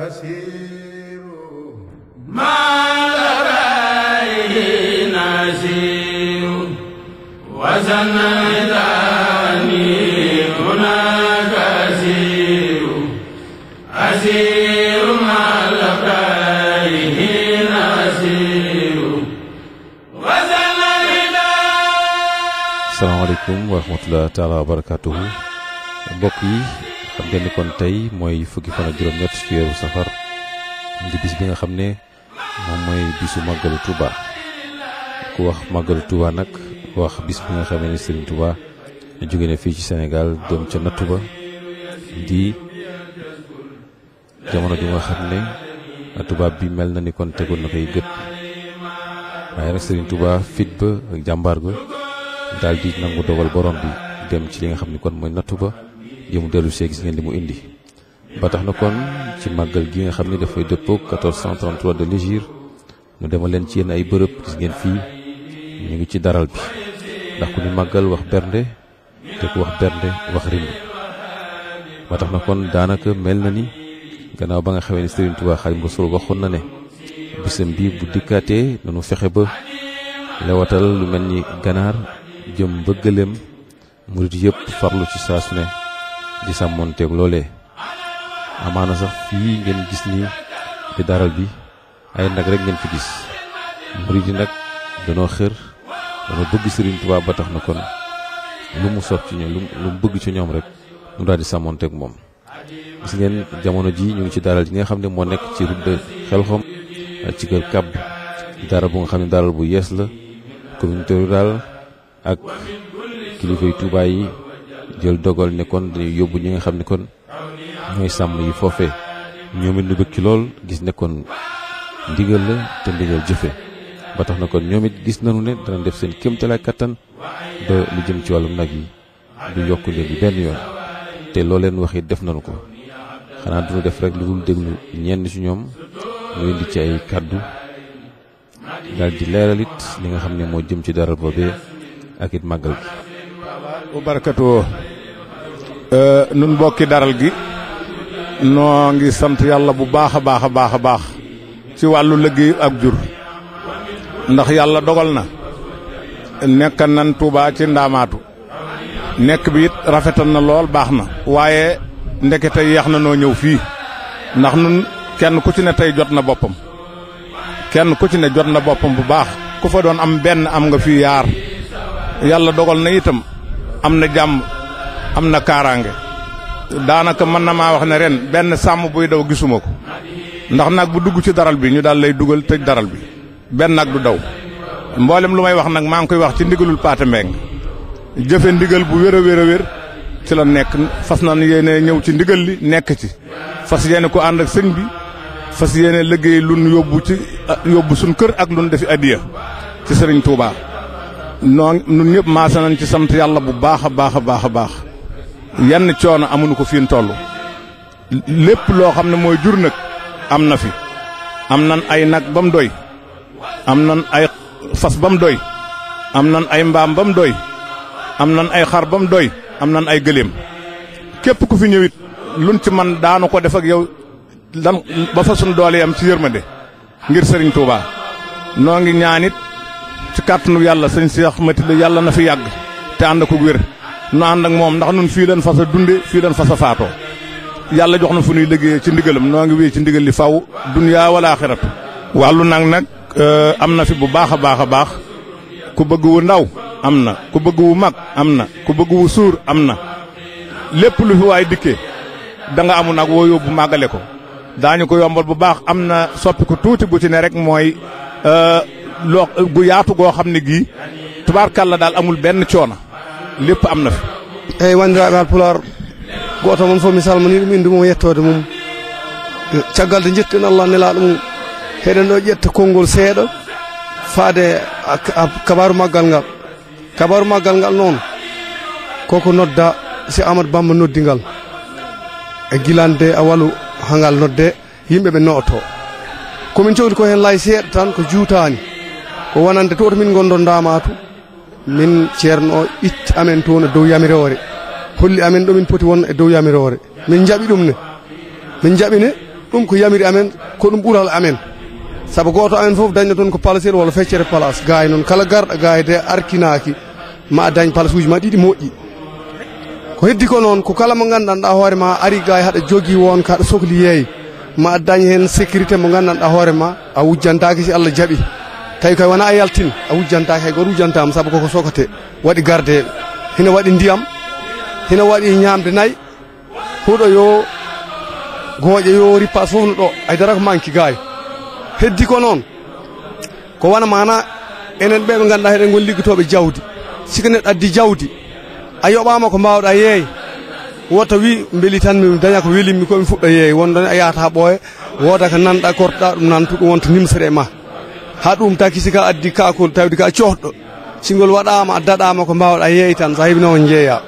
asiru malaraayi nasiru wasanaytaani hunaka asiru asiru malaraayi nasiru wasanaytaani salaamaaleykum wa rahmatulah taala wa barakatuhu mbokk yi xam ngeen kon tey mooy fukki fan ak juróom-ñett ci weeru safar di bis bi nga xam ne moom mooy bisu màggalu Touba ku wax màggalu Touba nag wax bis bi nga xam ne Serigne Touba jóge na fii ci senegal dem ca nattu ba di jamono bi nga xam ne tubaab bi mel na ni kon tegoon na koy gët waaye nag Serigne Touba fit ba ak jàmbaar ba daal di nangu dogal borom bi dem ci li nga xam ni kon mooy nattu ba. yu delu dellu see gis ngeen li indi ba tax na kon ci màggal gi nga xam ne dafay dëppoo 1433 de légir mu demal leen ci yenn ay bërëb gis ngeen fii ñu ngi ci daral bi ndax ku ni màggal wax bernde te wax bernde wax rim ba tax na kon daanaka mel na ni gannaaw ba nga xamee ni Serigne Touba mu Rasuul waxoon na ne bisam bi bu dikkaatee nanu fexe ba lewatal lu mel ni ganaar jëm bëggaleem murit yëpp farlu ci ne di ak lolé amanasa sax fi ngeen gis ni ci daral bi ay nag rek ngeen fi gis murid yi nag danoo xër dañu bëgg serigne touba ba tax na kon lu mu sopp ci ñu lu mu bëgg ci ñom rek mu daal di ak mom gis ngeen jamono ji ñu ci daral ji nga xamné mo nek ci ci xel xom ci kër kab dara bu nga xamné daral bu yes la commune rural ak kilifay touba yi jël dogal ne kon dañu yóbbu ñi nga xam ne kon ñooy sàmm yi foofe ñoom it ñu bëgg lool gis ne kon ndigal la te ndigal jëfe ba tax na kon ñoom gis nañu ne dana def seen kéemtalaay kattan ba lu jëm ci wàllum nag yi du yokk njëg yi benn yoon te loo leen wax def nañu ko xanaa duñu def rek lu dul déglu ñenn si ñoom ñu indi ci ay kàddu daal di leeral li nga xam ne moo jëm ci dara boobee ak it màggal gi. Euh, nun mbokki daral gi noo ngi sant yàlla bu baax a baax a baax a baax ci wàllu liggéey ak jur ndax yàlla dogal na nekk nan tuubaa ci ndaamaatu nekk bi it na lool baax na waaye ndekete yeex na noo ñëw fii ndax nun kenn ku ci ne tey jot na boppam kenn ku ci ne jot na boppam bu baax ku fa doon am benn am nga fii yaar yàlla dogal na itam am na jàmm am na kaaraange daanaka mën na maa wax ne ren benn sàmm buy daw gisuma ko ndax nag bu dugg ci daral bi ñu daal lay dugal tëj daral bi benn nag du daw mboolem lu may wax nag maa ngi koy wax ci ndigalul paate mbeng jëfe ndigal bu wér a wér a wér ci la nekk fas na yéene ñëw ci ndigal li nekk ci fas yéene ko ànd ak sëñ bi fas yéene liggéey lun yóbbu ci yóbbu suñ kër ak lun defi addiya ci sëriñ tuubaa noo nun ñëpp maase nañ ci sant yàlla bu baax a baax a baax a baax yenn coono amuñu ko fiin toll lépp loo xam ne mooy jur nag am na fi am nan ay nag ba mu doy am nan ay fas ba mu doy am nan ay mbaam ba mu doy am nan ay xar ba mu doy am nan ay gëléem képp ku fi ñëwit luñ ci man daanu ko def ak yow lan ba fa suñ doole am ci yërmande ngir sëriñ tuubaa noo ngi ñaanit ci kàttanu yàlla sëñ Cheikh Maty yàlla na fi yàgg te ànd ko nu ànd moom ndax nun fii leen fas a dunde fii leen fa a faatoo yàlla jox na fu nuy liggéey ci ndigalam noo ngi wéy ci ndigal li faw dunyaa wala aaxirat wàllu nag nag euh, am na fi bu baax a baax a baax ku bëgg wu ndaw am na ku bëgg wu mag am na ku bëgg wu suur am na lépp lu fi waay dikkee da amu nag woo yóbbu màggale ko daañu ko yombal bu baax am na soppi ko tuuti bu ci ne rek mooy euh, loo gu yaatu goo xam ne gii tubaar tubaarkàlla daal amul benn coona lépp am na fi eyi wanndiraaɓe alpulaar gooto moon fof mi salmini ɗum indi yettoode mum caggal de jettin allah nelaaɗo mum heɗen ɗo ƴetta konngol seeɗa faade kabaru maggal ngal kabaru maggal ngal noon koko nodda si amadou bamba noddi ngal e gilande a walu hangal nodde yimɓe ɓe nooto komin cohli ko heen lay seeɗa tan ko juutaani ko wonande to min gondon ndaamatu min ceerno it itti amen toon dow yamirore holli amen do min poti won e dow yamirore min jabi dum ne min ne dum ko yamiri amen ko dum amin amen saabu goto amen wal dañɗo ton ko palasel wala feccere place gaay non kala garda gaay de arkinaki ma dañ place wujma ma ɗiɗi ko heddi ko non ko kala mo da hore ma ari gaay hada jogi won ka sokli yeeyi ma dañ hen sécurité mo da hore ma a wujjantaki si allah jabi tawi koye wona a yaltin a wujjantaki hay goto wujjantama saabu koko sokate waɗi garde hina waɗi ndiyam hina waɗi ñamde nayyi huuɗo yo gooƴe yo rippas fof no ɗo aydara ko manki gaayo heddi ko noon ko wona mana enen ɓe ɓe ganduɗa heɗen gon liggotoɓe jawdi sika neɗɗo addi jawdi a yoɓama ko mbawɗa yeey woto wi beeli tan mi daña ko welimmi komi fuɗɗo yeey wondon a yaata ɓooya wooda ko nanɗa kortoɗa ɗum nantu ɗum wonta nimsere e ma ha ɗum taki sika addi kakol tawdi ka cohɗo sigol waɗama addaɗama ko mbawɗa yeey tan sa heɓino on jeeya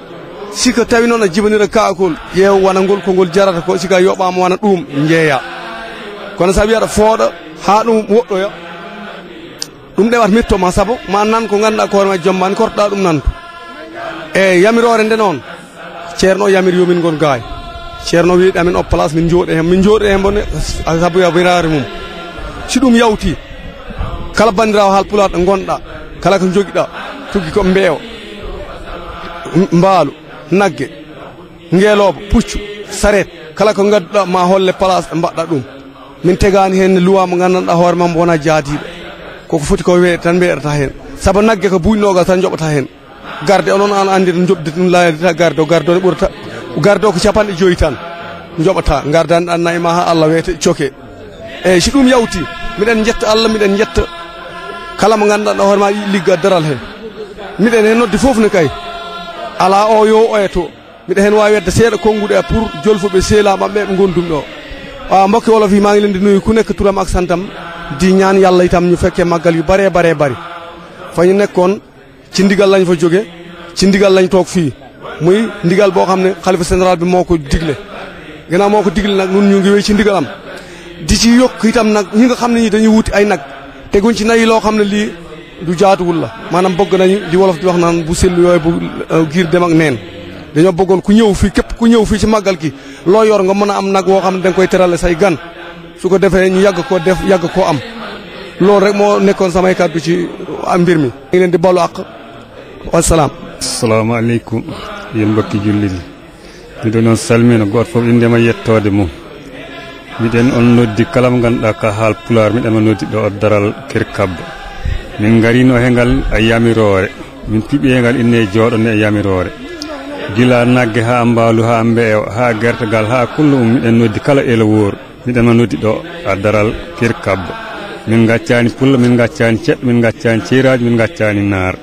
sika tawi noon a jibanira kakol ƴeew ngol ko ngol jarata ko sika yoɓama wana ɗum jeeya kono sa wi aɗa fooɗa ha ɗum woɗɗoya ɗum ɗewat ma saabu ma nan ko ganduɗa hoorema jombani kortoɗa ɗum nanto eyyi yamirore nde noon ceerno yamir yomin gon gaay ceerno wiɗamin o place min jooɗe hen min jooɗe hen bone saabu yamirare mum si ɗum yawti kala bandiraawo haalpulaar ɗo gonɗa kala ko jogiɗa tuggi ko mbeewa mbaalu nagge ngeelooba puccu saret kala ko ngadduɗa ma holle place ɗo mbaɗɗa ɗum min tegani hen luwa mo gandanɗa hoore mam wona jaadiɗo koko foti ko wee tan mbeɗata hen saabu nagge ko buuynogal tan joɓata hen garde onon an andi ɗo jobde ɗum laayadita garde o garde o ne ɓurata garde o ko capanɗe joyyi tan joɓata gardani ɗan nayima ha allah weete cooke eyyi so ɗum yawti miɗen jetta allah miɗen jetta kala mo ganduɗa ɗo hoore ma ligga daral he miɗen hen noddi foof ne kay ala o yo oyato miɗa hen wawi wedde seeɗa konnguɗe pour jolfuɓe seela maɓɓe ɓe gondumi ɗo a ah, mbokki wolof yi ma ngi nuyu ku nekk turam ak santam di ñaan yalla itam ñu fekke màggal yu bare bare bare fa ñu nekkoon ci ndigal lañ fa Mui ci ndigal lañ tok fi muy ndigal bo xamne khalifa bi moko digle gannaaw moko digle nag nun ñu ngi wé ci ndigalam di ci yok itam nag ñi nga xamne ñi wuti ay nak teguñ ci nay lo xamne li lii du jaatuwul la manam bëgg nañu di wolof di wax naan bu sel yoy bu euh, giir dem ak neen dañu bëggoon ku ñëw fi kep ku ñëw fi ci magal gi lo yor nga mëna am nag wo xamne dang koy téralé say gan su ko defee ñu yag ko def yag ko am lool rek mo nekkoon samay kaddu ci am euh, mbir mi. ngi leen di balu àq assalamu alaykum yeen mbokk jullit ni ñu doon salmina goor foofu indema yettode mum miɗen on noddi kala mo ngannduɗa ka haal pulaar miɗen o noddi ɗo o daral kirkabba min ngarino he ngal a yamiroore min piɓee ngal inne jooɗone e yamiroore gila nagge haa mbaalu haa mbeewa haa gertagal haa kulla mum um, miɗen noddi kala elo woor miɗen o noddi ɗo a daral kirkabba min ngaccaani pulla min ngaccaani ceɗɗo min ngaccaani ceeraaji min ngaccaani naar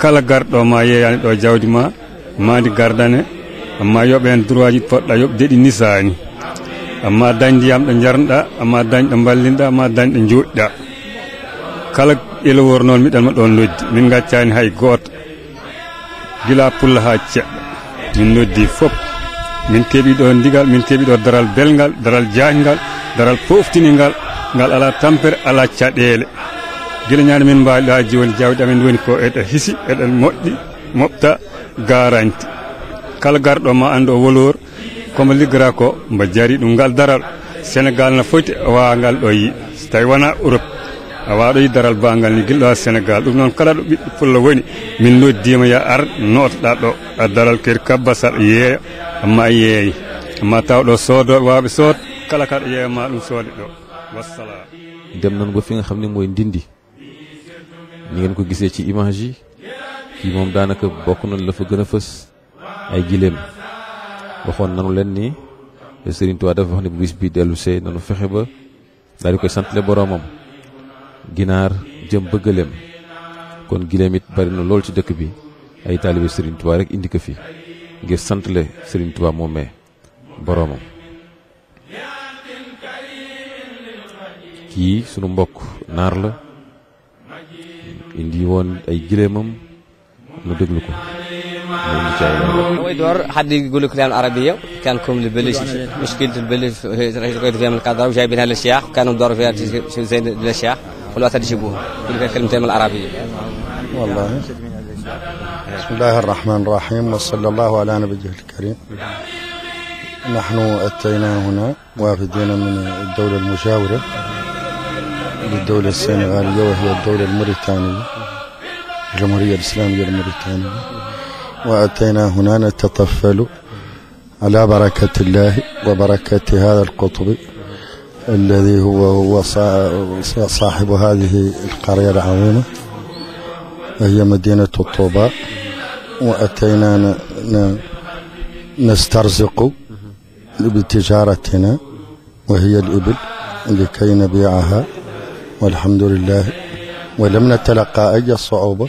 kala garɗo ma yeeyaani ɗo jawdi ma maandi gardane amma yoɓeen droit ji poɗɗa yoɓ deɗi nisaani amma dañ diam ɗo jarnda amma dañ ɗo ballinɗa amma dañ da juutɗa kala mi dal ma don noddi min gaccani hay got gila pul ha min noddi fop min tebi do ndigal min tebi do daral belgal daral jangal daral foftini ngal ala tamper ala caɗele gila ñaade min mbawi ɗo jiwon joni woni ko eda hisi eda moddi mopta garanti kala gardo ma ando wolor koma ligra ko mbo jari dum gal daral Senegal na foti wa ngal do yi tay wana europe do yi daral bangal ni gildo senegal dum ɗum kala do ɓiɗɗo fulla woni min diima ya ar not da a daral ker kabba saɗa yeeya amma ye amma taw sodo wa waɓe sood kala kaɗa yeeyama ɗum soode do wassalam dem non go fi nga xamni moy ndindi ni ngeen ko gisee ci image yi ki mom danaka bokku na la fa gëna fess ay gilem waxoon nanu leen ni Serigne Touba dafa wax ni bis bi dellu see nanu fexe ba daal di koy santale boroomam ginaar jëm ba gëléem kon gëléem it bari na lool ci dëkk bi ay taalibe Serigne Touba rek indi ko fi ngir santle Serigne Touba moomee boroomam kii sunu mbokk naar la indi woon ay gëléemam nu déglu ko ويدور حد يقول لك كلام عربيه كان كوم البلش مشكله البلش رجعت فيها من القدر وجايبينها للشيخ كانوا مدوروا فيها زين للشيخ والوقت اللي يجيبوها يقول لك كلمتين من العربيه والله بسم الله الرحمن الرحيم وصلى الله على نبيه الكريم نحن أتينا هنا وافدين من الدولة المجاورة للدولة السنغالية وهي الدولة الموريتانية الجمهورية الإسلامية الموريتانية وأتينا هنا نتطفل على بركة الله وبركة هذا القطب الذي هو هو صاحب هذه القرية العظيمة وهي مدينة الطوباء وأتينا نسترزق بتجارتنا وهي الإبل لكي نبيعها والحمد لله ولم نتلقى أي صعوبة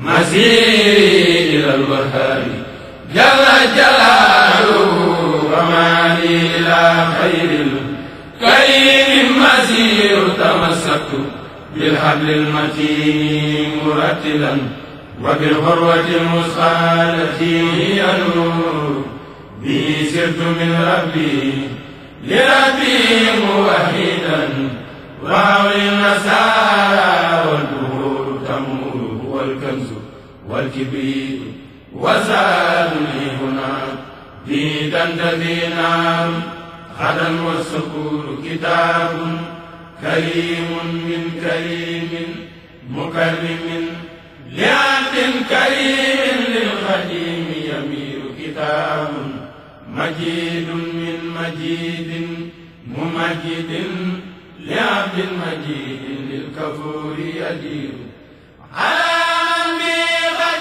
مسيري إلى الوهاب جل جلاله رماني إلى خير الكريم مسير تمسكت بالحبل المتين مرتلا وبالعروة الوثقى التي هي نور بي سرت من ربي لربي موحدا وهو النصارى والدور والكبير وزادني هنا ديدا تدينا غدا والسكور كتاب كريم من كريم مكرم لعبد كريم للخديم يمير كتاب مجيد من مجيد ممجد لعبد مجيد للكفور يدير على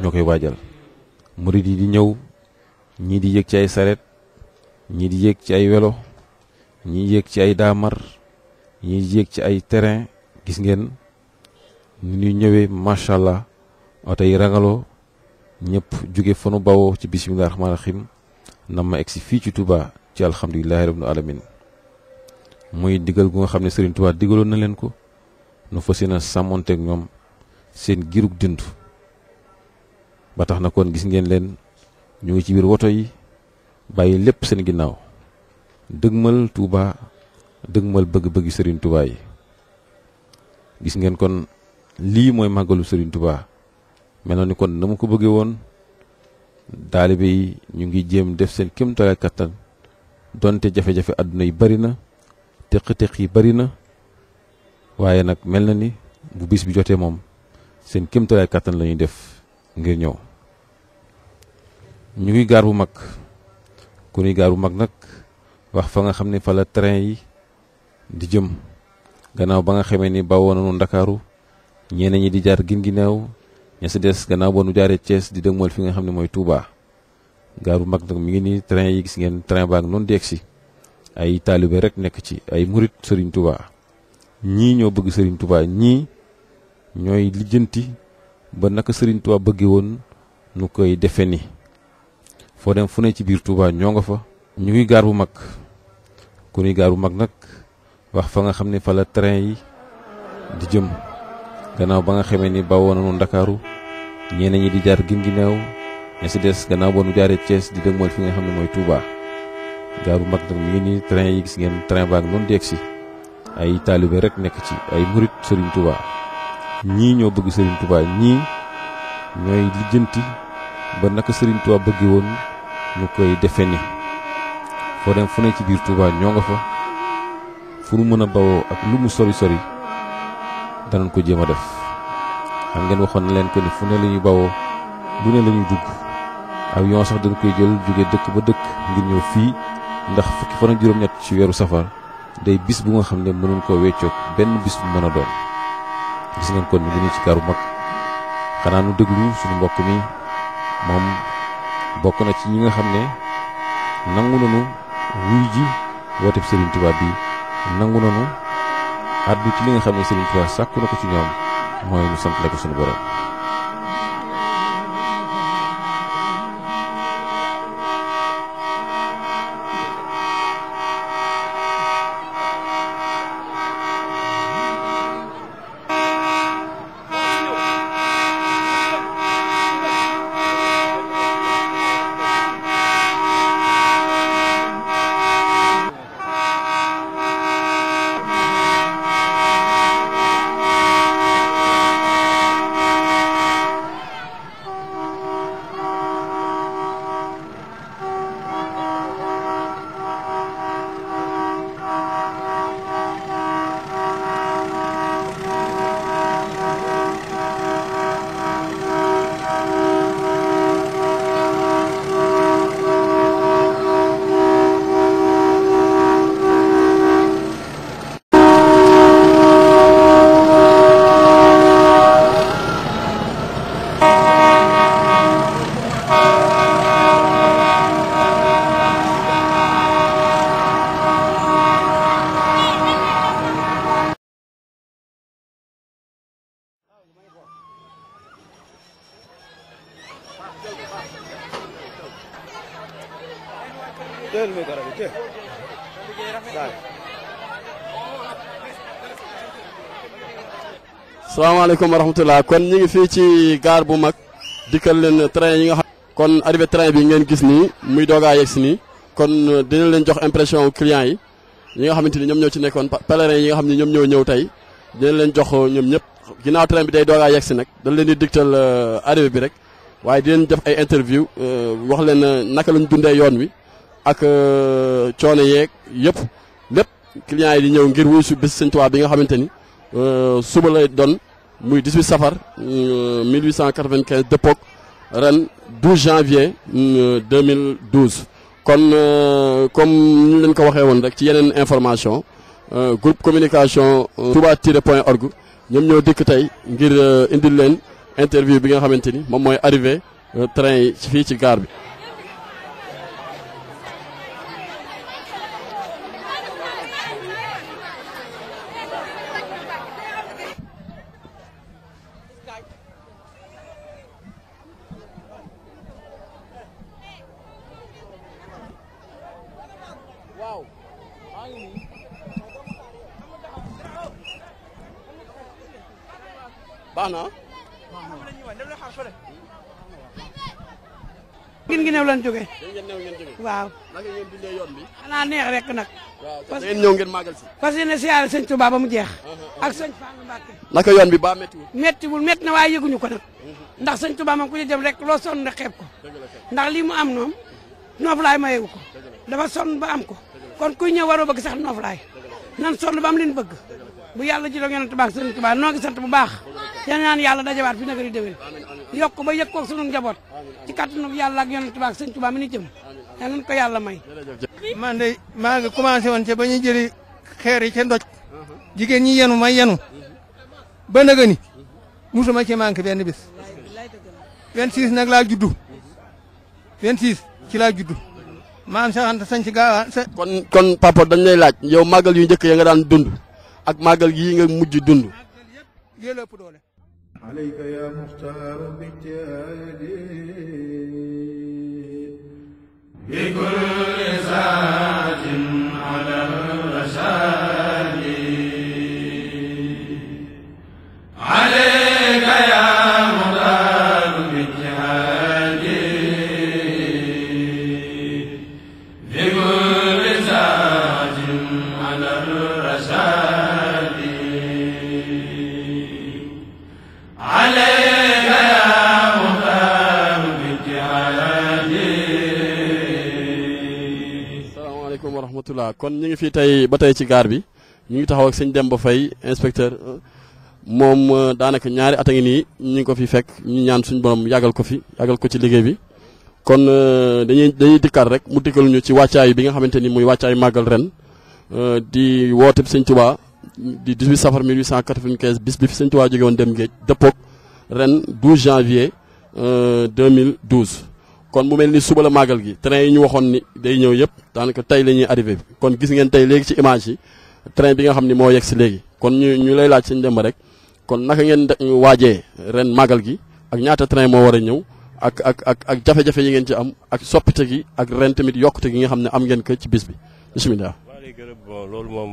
ñoo koy waajal murid yi di ñëw ñii di yéeg ci ay saret ñii di yéeg ci ay welo ñii yéeg ci ay daamar ñii yéeg ci ay terrain gis ngeen ni ñuy ñëwee macha allah oto yi rangaloo ñëpp jóge fanu bawoo ci bisimilah rahmaani rahim na ma egsi fii ci tubaa ci alhamdulilahi rabbil alamin muy digal gu nga xam ne Serigne Touba digaloon na leen ko nu fas yéene sàmmonteeg ñoom seen girug dund ba tax na kon gis ngeen leen ñu ngi ci biir woto yi bàyyi lépp seen ginnaaw dëgmal Touba dëgmal bëgg-bëggi Serigne Touba yi gis ngeen kon lii mooy màggalu Serigne Touba mel na ni kon dama ko bëggee woon taalibe yi ñu ngi jéem def seen kéemtalaay kattan donte jafe-jafe àdduna yi bari na teq-teq yi bari na waaye nag mel na ni bu bis bi jotee moom seen kéemtalaay kattan la ñuy def. ngir ñëw ñu ngi gaar bu mag ku ni gaar bu mag nag wax fa nga xam fa la train yi di jëm gannaaw ba nga xamee ni bawoo nañu ndakaaru ñenn ñi di jaar gin ginnaaw ña si des gannaaw ba nu jaaree Thiès di dëgmal fi nga xam ne mooy Touba gaar bu mag nag mi ngi ni train yi gis ngeen train baa ngi noonu di egsi ay taalibe rek nekk ci ay murit Serigne Touba ñii ñoo bëgg Serigne Touba ñii ñooy lijjanti ba naka Serigne Touba bëgge woon nu koy defe ni foo dem fu ne ci biir Touba ñoo nga fa ñu ngi gaar bu mag ku ñuy gaar bu mag nag wax fa nga xam ne fa la train yi di jëm gannaaw ba nga xamee ni bawoo nañu Ndakaaru ñenn ñi di jaar gin Guinguinéo ña si des gannaaw boo nu jaaree Thiès di dëgmal fi nga xam ne mooy Touba gaar bu mag nag mu ngi nii train yi gis ngeen train baa ngi noonu di egsi ay taalibe rek nekk ci ay murit sëriñ Touba. ñi ñoo bëgg Serigne Touba ñi ñooy lijeenti ba naka Serigne Touba bëgg woon ñu koy defe ni fo dem fu ne ci biir Touba ñoo nga fa fu mu mëna a ak lu mu sori sori danañ ko jéem def xam ngeen waxon na leen ko ni fu ne la ñuy bawoo ne lañu dugg aw yoon sax dañ koy jël jugé dëkk ba dëkk ngir ñëw fi ndax fukki fa na juroom ñett ci wëru safar day bis bu nga xamne ne mënuñ koo weccoog benn bis bu mëna doon gis ngeen kon mi ngi nii ci garu mag xanaa nu déglu suñu mbokk mi moom bokk na ci ñi nga xam ne nangu nañu wuy ji wooteb Serigne Touba bi nangu nañu addu ci li nga xam ne Serigne Touba sàkku na ko ci ñoom mooy mu sant la ko suñu borom. salaamaaleykum wa rahmatulah kon ñu ngi fii ci gaar bu mag dikkal leen train yi nga xam. kon arrivé train bi ngeen gis nii muy doogaa yegg si nii kon dina leen jox impression client yi ñi nga xamante ni ñoom ñoo ci nekkoon pèlerin yi nga xam ne ñoom ñoo ñëw tey dina leen jox ñoom ñëpp ginnaaw train bi day doogaa yegg si nag dañ leen di digtal euh, arrivé bi rek waaye di leen def ay interview euh, wax leen euh, naka lañ dundee yoon wi ak coono yeeg yëpp lépp client yi di ñëw ngir wuy su bés Sëñ Tuubaa bi nga xamante ni suba lay doon muy 18 safar 1895 euh, d'époque ren 12 janvier 2012 euh, kon euh, comme ñu leen ko waxé y rek ci yenen information groupe communication touba avons point org ñoo dikk tay ngir indil leen interview bi nga xamanteni mom moy est arrivé train yi ci gare bi baax na ngin ngi new lan jóge waaw xanaa neex rek nag parce que ñëw ngeen màggal si parce que ne siyaare sëñ Touba ba mu jeex uh-huh, uh-huh. ak sëñ Fallou Mbacké naka yoon bi ba méttiwul méttiwul métti na waaye yëguñu ko nag uh-huh. ndax sëñ Touba moom ku ñu jëm rek loo sonn rek xeeb ko ndax lii mu am noom nooflaay mayewu ko dafa sonn ba am ko kon kuy ñëw waroo bëgg sax nooflaay nan sonn ba am leen bëgg bu yàlla ji la yonent baax sëñ Touba noo ngi bu baax yal naan yàlla dajawaat fi nagari déwén yokk ba yëg koog sunu njaboot ci kattanu yàlla ak yonent Tuubaa ak sëñ Tuubaa mi ni jëm yal nañu ko yàlla may. man de maa ngi commencé woon ca ba ñuy jëli xeer yi ca jigéen ñi yenu may yenu ba naga ni musuma ci manqué benn bis 26 nag laa juddu 26 ci laa juddu maam Cheikh Anta sañ ci gaawa kon kon papa dañ lay laaj yow màggal yu njëkk ya nga daan dund ak màggal yii nga mujj dund. yéen a doole. عليك يا مختار باجتهادي بكل ساعة kon ñu ngi fii tey ba tey ci gaar bi ñu ngi taxaw ak sëñ ba fay inspecteur moom euh, daanaka ñaari at a ngi nii ñu ngi ko fi fekk ñu ñaan suñu borom yàggal ko fi yàggal ko ci liggéey bi. kon euh, dañuy dañuy dikkaat rek mu dikkal ci wàccaay bi nga xamante ni muy wàccaay màggal ren euh, di woote sëñ Touba di 18 safar 1895 bis bi fi sëñ Touba jóge woon dem géej dëppoog ren 12 janvier 2012. kon mu mel ni suba la màggal gi train yi ñu waxoon ni day ñëw yëpp daanaka tey la ñuy arrivé bi kon gis ngeen tey léegi ci image yi train bi nga xam ni moo yegg si léegi kon ñu lay laaj sañ dem rek kon naka ngeen waajee ren màggal gi ak ñaata train moo war a ñëw ak ak ak ak jafe-jafe yi ngeen ci am ak soppite gi ak ren tamit yokkute gi nga xam ne am ngeen ko ci bis bi bisimilah. waaw léegi bon loolu moom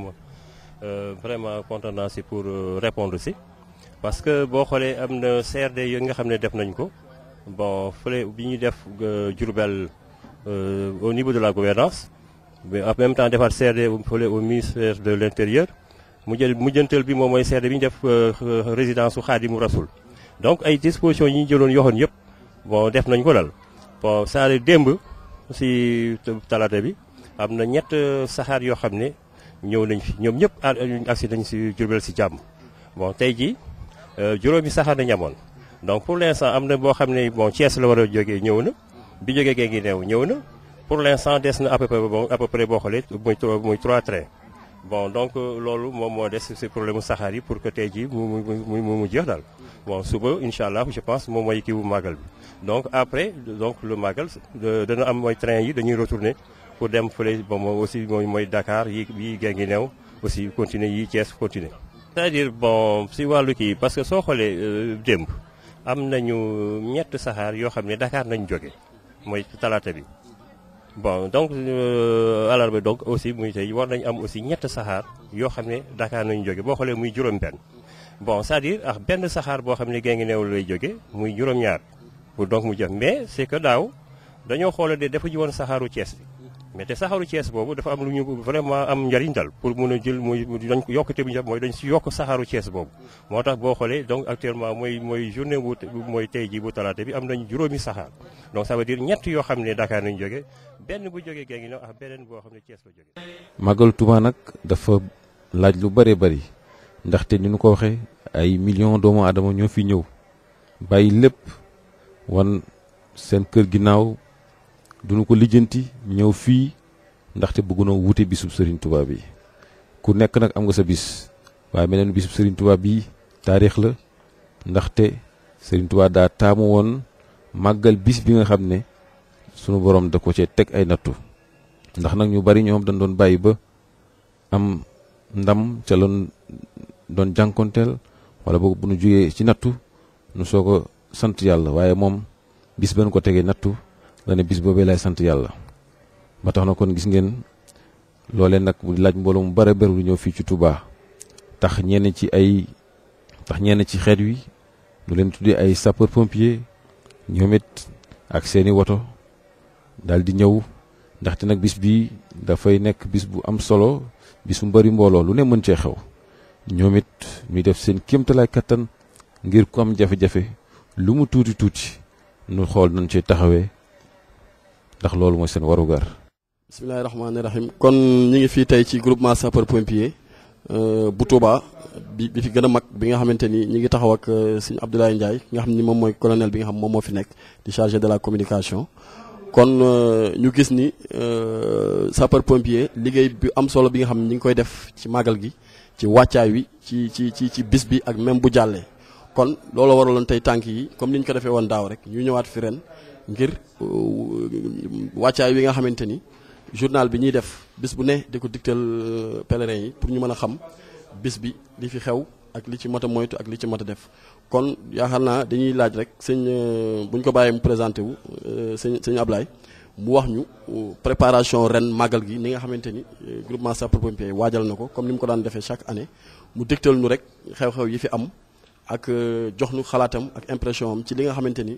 euh, vraiment kontaan si pour euh, répondre si parce que boo xoolee am na CRD yi nga xam ne def nañ ko. bon fallait biñu ñuy def euh, Diourbel euh, au niveau de la gouvernance mais en même temps defal CRD fële au ministère de l'intérieur mu jël mujjanteel bi moom moy CRD bi def euh, résidence su Rasoul donc ay dispositions yi jëlone jëloon yoxoon bon def nañ ko dal bon le demb si talaté bi amna ñett sahar yo xamné ne ñëw nañ fi ñom ñëpp ci ah, nañ ci jurbel ci jamm bon tey jii juroomi saxaar nañ amoon donc pour l'instant, instant am na boo xam ne bon Thiès la war a jógee ñëw na bi jógee gée ngi ñëw na pour l' instant des na à peu près bon à peu près boo xoolee muy muy trois trains bon donc loolu moom moo des si problème saxaar yi pour que tey jii mu mu mu mu jeex daal bon suba incha allah je pense moom mooy kii bu màggal bi donc après donc le màggal dana am mooy train yi dañuy retourner pour dem fële bon moom aussi mooy mooy Dakar yi yi gée aussi continuer yi Thiès continuer c'est-à-dire bon si wàllu kii parce que soo xoolee euh, démb am nañu ñett saxaar yoo xam ne dakaar nañ jóge mooy talaata bi bon donc alarba euh, donc aussi muy tey war nañ am aussi ñett saxaar yoo xam ne Dakar nañ jóge boo xoolee muy juróom-benn bon c'est-à-dire benn saxaar boo xam ne gée ngi neewul lay jóge muy juróom-ñaar pour donc mu jëf mais c'est que daaw dañoo xoola de dafa ji woon saxaaru Thiès bi mais te saxaru Thiès boobu dafa am lu ñu vraiment am njariñ dal pour mun a jël mooy dañ ko yokk bi ñu def mooy dañ si yokk saxaru cees boobu moo tax boo xoolee donc actuellement mooy mooy journée bu mooy tey ji bu talaata bi am nañ juróomi saxaar donc ça veut dire ñett yoo xam ne Dakar nañ jóge benn bu jógee gée ngi ñëw ak beneen boo xam ne Thiès la jóge màggalu Tuubaa nag dafa laaj lu bëree bëri ndaxte ni ñu ko waxee ay millions doomu adama ñoo fi ñëw bàyyi lépp kër ginnaaw duñu ko lijjanti ñëw fii ndaxte bëgg noo wute bisub Serigne tubaab bi ku nekk nag am nga sa bis waaye meneen bisub Serigne Touba bi taarix la ndaxte sëriñ Touba daa taamu woon màggal bis bi nga xam ne sunu borom da ko cee teg ay nattu ndax nag ñu bari ñoom dañ doon bàyyi ba am ndam ca lan doon jànkonteel wala boog bu nu jugee ci nattu nu soo ko sant yàlla waaye moom bis ban ko tegee nattu. la ne bis boobee lay sant yàlla ba tax na kon gis ngeen loolee nag bu laaj mbooloo mu bare bëri lu ñëw fii ci Touba tax ñenn ci ay tax ñenn ci xeet wi ñu leen tuddee ay sapeur pompier ñoom ak seeni woto daldi ñëw ndaxte nag bis bi dafay nekk bis bu am solo bis bu bari mbooloo lu ne mën cee xew ñoom it ñuy def seen kéemtalaay kattan ngir ku am jafe-jafe lu mu tuuti tuuti nu xool nañ cee taxawee ndax loolu mooy seen warugar. bisimilah rahmaani rahim kon ñu ngi fii tey ci groupement sapeur pompier euh, bu Touba bi bi fi gën a mag bi nga xamante ni ñu ngi taxaw ak euh, suñu Abdoulaye Ndiaye nga xam ni moom mooy colonel bi nga xam moom moo fi nekk di chargé de la communication. kon euh, ñu gis ni sapeur pompier liggéey bi am solo bi nga xam ni ñu ngi koy def ci màggal gi ci wàccaay wi ci ci ci ci bis bi ak même bu jàllee kon looloo waraloon tey tànk yi comme ni ñu ko defee woon daaw rek ñu ñëwaat fi ren. ngir euh, wàccaay wi nga xamanteni journal bi ñi def bis bu ne diko ko digtal euh, pèlerin yi pour ñu mëna xam bis bi li fi xew ak li ci mat moytu ak li ci mat def kon yaakaar naa dañuy laaj rek sëñ euh, buñ ko bàyyee mu présenté wu sëñ sëñ Ablaye mu wax ñu préparation ren màggal gi ni nga xamante ni groupement sapeur pompier waajal na ko comme ni mu ko daan defee chaque année mu digtal ñu rek xew-xew yi fi am ak jox ñu xalaatam ak impression am ci li nga xamante ni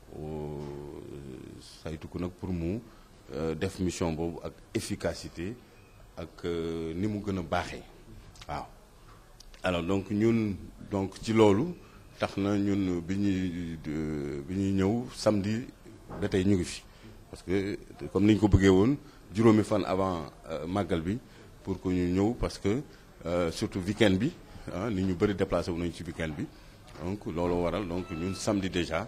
ça ko pour nous euh, def mission efficacité ak euh, ni alors donc ñun donc samedi parce que comme nous ko avant euh, pour que nous parce que surtout week-end bi avons ah, déplacé le donc nous, donc samedi déjà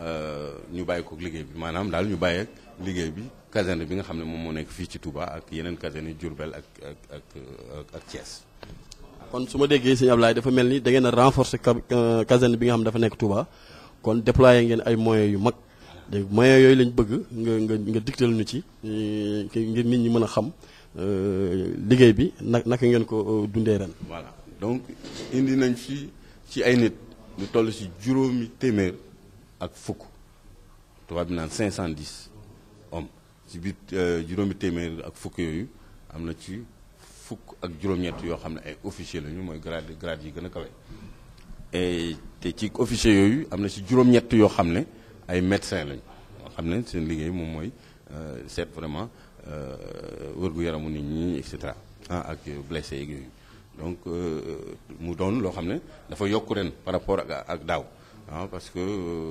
Euh, ñu bàyyi kook liggéey bi maanaam daal ñu bàyyi ak liggéey bi caserne bi nga xam ne moom moo nekk fii ci Touba ak yeneen caserne yu Diourbel ak ak ak ak Thiès. kon su ma déggee sëñ Ablaye dafa mel ni da ngeen a renforcer euh, caserne bi nga xam ne dafa nekk Touba kon déployer ngeen ay moyens yu mag moyens yooyu lañ bëgg nga nga nga digtal ñu ci euh, ngir nit ñi mën a xam liggéey bi nag naka ngeen ko dundee ren. voilà donc indi nañ fi ci ay nit lu toll ci juróomi téeméer. ak fuk tubaab bi naan 510 hommes ci biir euh, juróomi téeméer ak fuk yooyu am na ci fukk ak juróom-ñett yoo xam ne ay officiers lañu mooy grade grade yi gën a kawe. et te ci officiers yooyu am na ci juróom-ñett yoo xam ne ay médecins lañu yoo xam ne seen liggéey moom mooy euh, seet vraiment euh, wërgu yaramu nit ñi et cetera ah ak blessé yeeg yooyu donc mu doon loo xam ne dafa yokk ren par rapport ak daaw. Ah, parce que euh,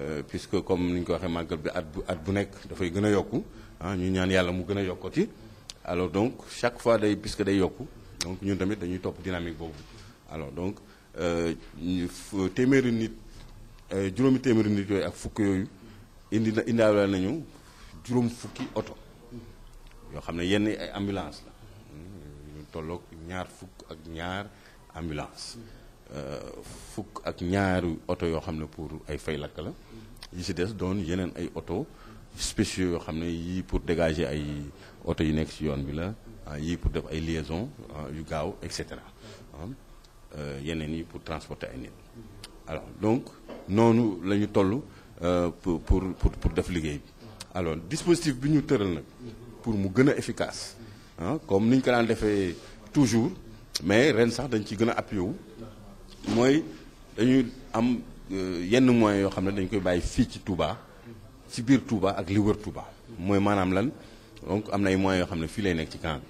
euh, puisque comme ni ko waxe magal bi at bu nek nous ah, alors donc chaque fois day puisque day yokku donc ñun tamit dañuy top dynamique alors donc euh, téméré nit téméré nit yoy ak fukk indi na nañu fukki yenn ambulance hmm, ñu tolok ñaar ak ambulance euh, fukk ak ñaari oto yoo xam ne pour ay fay lakk la yi si des doon yeneen ay oto spéciaux yoo xam ne yii pour dégager ay oto yu nekk si yoon bi la ah, yii pour def ay liaison ah, yu gaaw et cetera ah, euh, yeneen yi pour transporter ay nit alors donc noonu la ñu toll euh, pour pour pour def liggéey bi alors dispositif bi ñu tëral nag pour mu gën a efficace comme niñ ko daan defee toujours mais ren sax dañ ci gën a appuyé wu mooy dañu am euh, yenn moyens yoo xam ne dañ koy bàyyi fii ci Touba ci biir Touba ak li wër Touba mooy maanaam lan donc am na ay moyens yoo xam ne fii lay nekk ci camp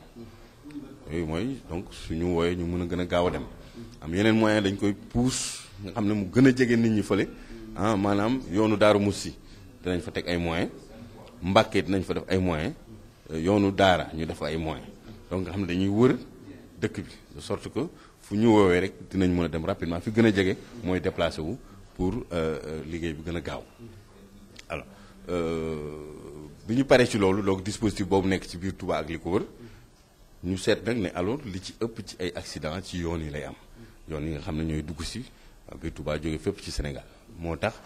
bi mooy donc suñu wooyee ñu mën a gën a gaaw a dem am yeneen moyens dañ koy pousse nga xam ne mu gën a jege nit ñi fële ah maanaam yoonu Daaru Musi dinañ fa teg ay moyens Mbàkke dinañ fa def ay moyens euh, yoonu Daara ñu def ay moyens donc nga xam ne dañuy wër dëkk bi de sorte fu ñu wowe rek dinañ mëna dem rapidement fi gëna a moy déplacer wu pour euh, euh liggéey bi gëna a gaaw alors euh biñu paré ci loolu donc dispositif bobu nekk ci biir Touba ak li wër ñu sét nak né alors li ci ëpp ci ay accident ci yoon yi lay am yoon yi nga xamné ñoy dugg ci biir Touba jóge fépp ci Sénégal motax tax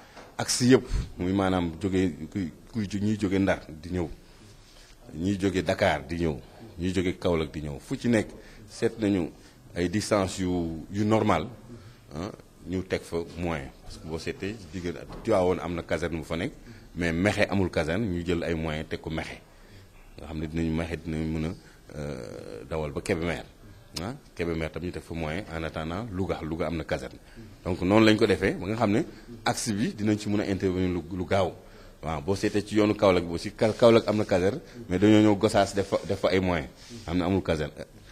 axe yëpp muy manam jóge kuy ñi ñuy jóge Ndar di ñëw ñi jóge Dakar di ñëw ñi jóge Kaolack di ñëw fu ci nekk seet nañu ay distance yu yu normal hein, ñu teg fa moyen parce que boo seetee diggante Tivaouane am na caserne bu fa nekk mais Mekhe amul caserne ñu jël ay moyen teg ko Mekhe nga xam ne dinañu Mekhe dinañ mën a euh, dawal ba Kébémer ah hein. mer tam ñu teg fa moyen en attendant Louga Louga am na caserne donc noonu lañ ko defee ba nga xam ne axe bi dinañ ci mën a intervenir lu gaaw waaw boo seetee ci yoonu Kaolack bi aussi Kaolack am na caserne mais dañoo ñëw Gossas def fa def fa ay moyen am na amul caserne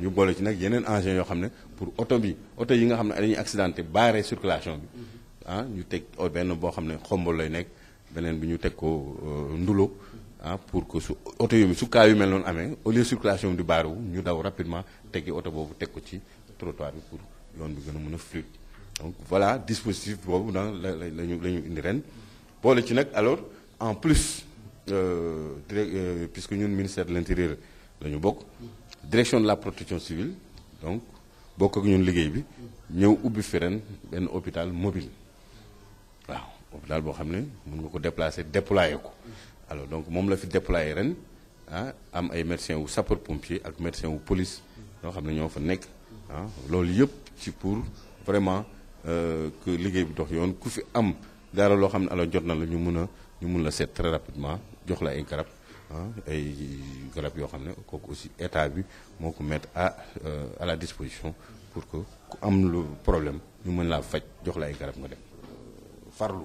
ñu boole ci nag yeneen engins yoo xam ne pour oto bi oto yi nga xam ne dañuy accidenté barré circulation bi ah ñu teg benn boo xam ne xombal lay nekk beneen bi ñu teg ko euh, ndulo ah pour que su oto yooyu su kaa yu mel noonu amee au lieu circulation bi di barré ñu daw rapidement teggi oto boobu teg ko ci trottoir bi pour yoon bi gën a mën a fluide donc voilà dispositif boobu dans la la la ñu la ñu indi ren boole ci nag alors en plus euh, euh, puisque ñun ministère de l'intérieur la ñu bokk direction de la protection civile donc bokk ak ñun liggéey bi ñëw ubbi fi ren hôpital mobile waaw hôpital boo xam ne déplacer déployer ko alors donc moom la fi déployer ren ah, am ay médecin wu sapeur pompier ak médecin wu police ñoo xam ne ñoo fa nekk ah. ci pour vraiment euh, que liggéey bi dox yoon ku fi am dara loo nous ne alors ñu mun ñu la seet très rapidement jox la ay ah hein, ay garab yoo xam ne kooku aussi état bi moo ko mettre à euh, à la disposition pour que ku am lu problème ñu mën laa faj jox la ay garab nga dem farlu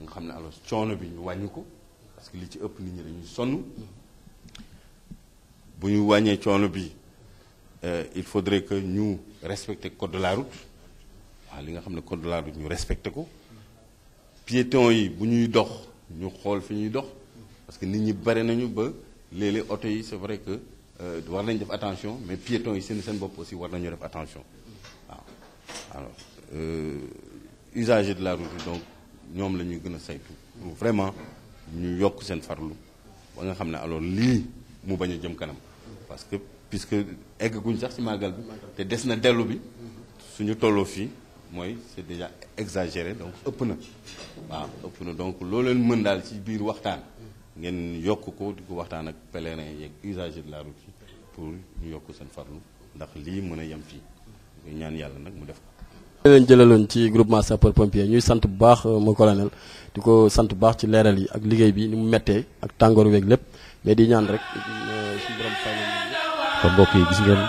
nga xam ne alors coono bi ñu wàññi ko parce que li ci ëpp nit ñi dañuy sonn bu ñu wàññee coono bi euh, il faudrait que ñu respecter code de la route waaw li nga xam ne code de la route ñu respecter ko piétons yi bu ñuy dox ñu xool fi ñuy dox parce que nit ñi bare nañu ba léeg-léeg oto yi c'est vrai que euh, war nañ def attention mais piétons yi seen seen bopp aussi war nañu def attention waaw alors euh, usager de la route donc ñoom la ñuy gën a saytu pour vraiment ñu yokk seen farlu ba nga xam ne alors lii mu bañ a jëm kanam parce que puisque eggaguñ sax ci màggal bi te des na dellu bi suñu tolloo fii mooy c'est déjà exagéré donc ëpp na waaw ëpp na donc loo leen mën daal ci biir waxtaan ngeen yokk ko di ko waxtaan ak pèlerin yeeg usager de la route yi pour ñu yokk seen farlu ndax lii mën a yem fii ñu ñaan yàlla nag mu def ko leen jëlaloon ci groupement sapeur pompier ñuy sant bu baax euh, mon colonel di ko sant bu baax ci leeral yi ak liggéey bi ni mu mettee ak tàngoor weeg lépp mais di ñaan rek euh, suñu borom fayal ko mbokk yi gis ngeen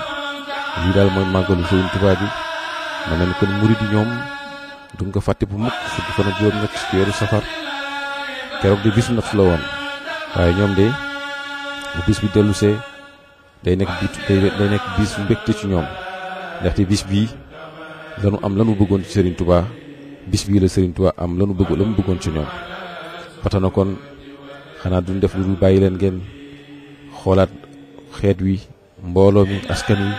lii daal mooy màggalu Sëriñ Tuubaa bi mën nañ kon murid yi ñoom du nga fàtte bu mukk fukki fan ak juróom ñett ci weeru safar keroog di bisu nafs la woon waaye ñoom de bu bis bi dellusee day nekk day nekk bis mbégte ci ñoom ndaxte bis bii lanu am lanu bëggoon ci Serigne tubaa bis bii la Serigne tubaa am lanu bëgg la mu bëggoon ci ñoom fata na xanaa duñu def lu dul bàyyi leen ngeen xoolaat xeet wi mbooloo mi askan wi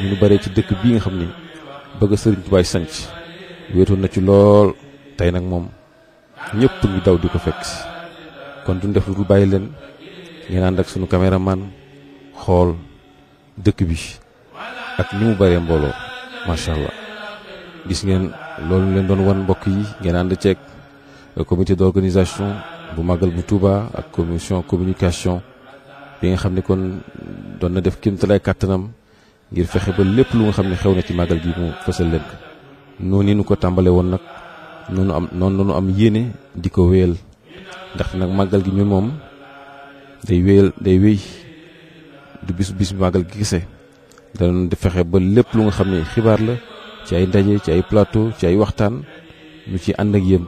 ñu nu bëree ci dëkk bii nga xam ni bëgg sëriñ tubaay sanc wéetoon na ci lool tey nag moom ñëpp ngi daw di ko fekk kon duñ def lu dul bàyyi leen ngeen ànd ak sunu caméraman xool dëkk bi ak ni mu bëree mbooloo macha allah gis ngeen loolu leen doon wan mbokk yi ngeen ànd ceeg comité d'organisation bu màggal bu Touba ak commission communication bi nga xam ne kon doon na def kéemtalaay kàttanam ngir fexe ba lépp lu nga xam ne xew na ci màggal gi mu fësal leen ko noonu ni nu ko tàmbale woon nag noonu am noonu am yéene di ko wéyal ndax nak magal gi ñun mom day wéel day wéy du bis bis magal gi da ñu di fexe ba lepp lu nga xamné xibaar la ci ay ndaje ci ay plateau ci ay waxtaan ñu ci and ak yeen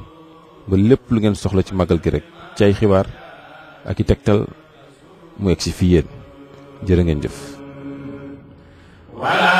ba lepp lu ngeen soxla ci magal gi rek ci ay xibaar ak tektal mu egg si fi yéen ngeen jëf. Voilà.